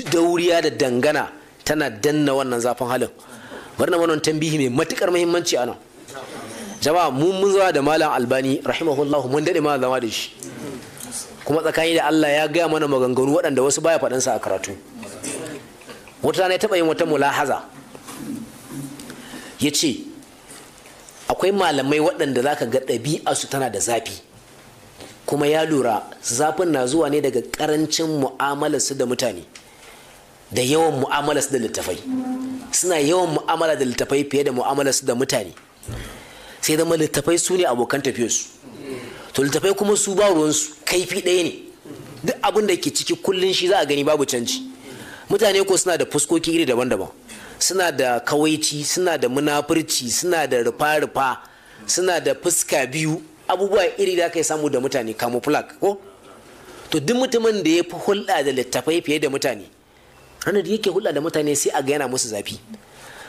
dauriya da dangana tana danna wannan zafin halin bari na wannan tambihi mai matukar muhimmanci a nan. jama'a mu mun zama da malam albani rahimahullahu mun dade ma zama da shi kuma tsakani da Allah ya gaya mana maganganu waɗanda wasu baya faɗansa a karatu wata rana ya taɓa yin wata mulahaza ya ce akwai malamai waɗanda za ka ga ɗabi'arsu tana da zafi kuma ya lura zafin na zuwa ne daga ƙarancin mu'amalarsu da mutane da yawan mu'amalas da littafai suna yawan mu'amala da littafai fiye da mu'amalas da mutane sai zama littafai su ne abokan tafiyarsu to littafai kuma su ba ruwansu kaifi ɗaya ne duk abin da ke ciki kullun shi za a gani babu canji mutane ko suna da fuskoki iri daban-daban suna da kawaici suna da munafurci suna da rufa-rufa suna da fuska biyu abubuwa iri da aka samu da mutane camouflage ko to duk mutumin da ya fi hulɗa da littafai fiye da mutane ranar da yake hulɗa da mutane sai a ga yana musu zafi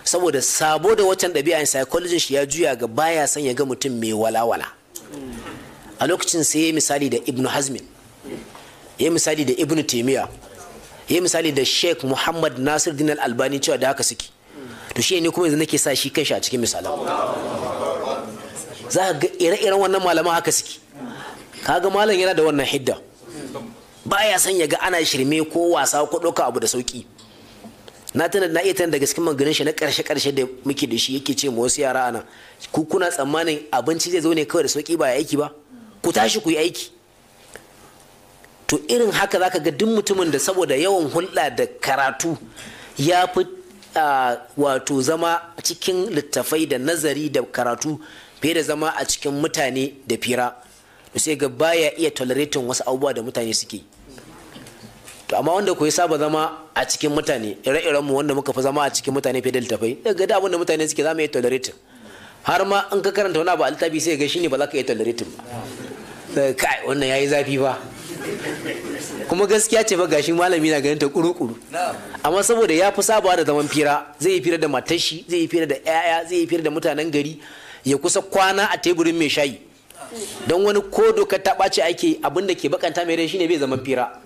saboda sabo da wancan ɗabi'a psychology shi ya juya ga baya son ya ga mutum mai walawala a lokacin sai ya yi misali da ibnu hazmin ya yi misali da ibnu taimiya ya yi misali da sheikh muhammad nasir dinar albani cewa da haka suke to shi ne kuma yanzu nake sa shi kai kanshi a cikin misalan za ga ire-iren wannan malaman haka suke kaga malam yana da wannan hidda baya son ya ga ana shirme ko wasa ko ɗauka abu da sauki na tana na iya tana daga cikin maganin shi na karshe karshe da muke da shi yake ce ma wasu yara ana ku kuna tsammanin abinci zai zo ne kawai da sauki ba aiki ba ku tashi ku yi aiki to irin haka zaka ga duk mutumin da saboda yawan hulɗa da karatu ya fi wato zama cikin littafai da nazari da karatu fiye da zama a cikin mutane da fira sai ga baya iya tolerating wasu abubuwa da mutane suke to amma wanda ku saba zama a cikin mutane ire-iren mu wanda muka fi zama a cikin mutane fiye da littafai daga da abinda mutane suke zama iya tolerating har ma in ka karanta wani abu a littafi sai ga shine ba za ka iya tolerating ba kai wannan yayi zafi ba kuma gaskiya ce ba gashi malami na ganin ta kuru-kuru amma saboda ya fi sabawa da zaman fira zai yi fira da matashi zai yi fira da 'ya'ya zai yi fira da mutanen gari ya kusa kwana a teburin mai shayi don wani ko doka ta ɓaci ake abin da ke bakanta mai rai shine bai zama fira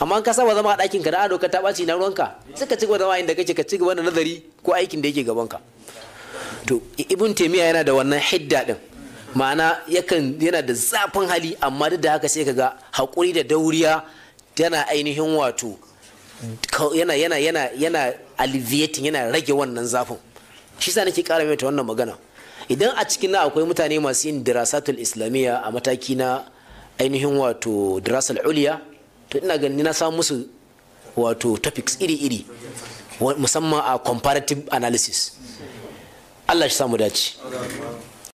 amma ka saba zama a ɗakin ka na doka ta ɓaci na ruwanka sai ka cigaba zama inda kake ka cigaba da nazari ko aikin da yake gaban ka to ibn taymiya yana da wannan hidda din ma'ana yakan yana da zafin hali amma duk da haka sai ka ga, hakuri da dauriya tana ainihin wato yana yana yana yana alleviating yana rage wannan zafin shi sa nake ƙara mai ta wannan magana idan a cikin na akwai mutane masu yin dirasatul islamiyya a mataki na ainihin wato dirasal uliya to ina ganin na samu musu wato topics iri-iri musamman a comparative analysis Allah shi samu dace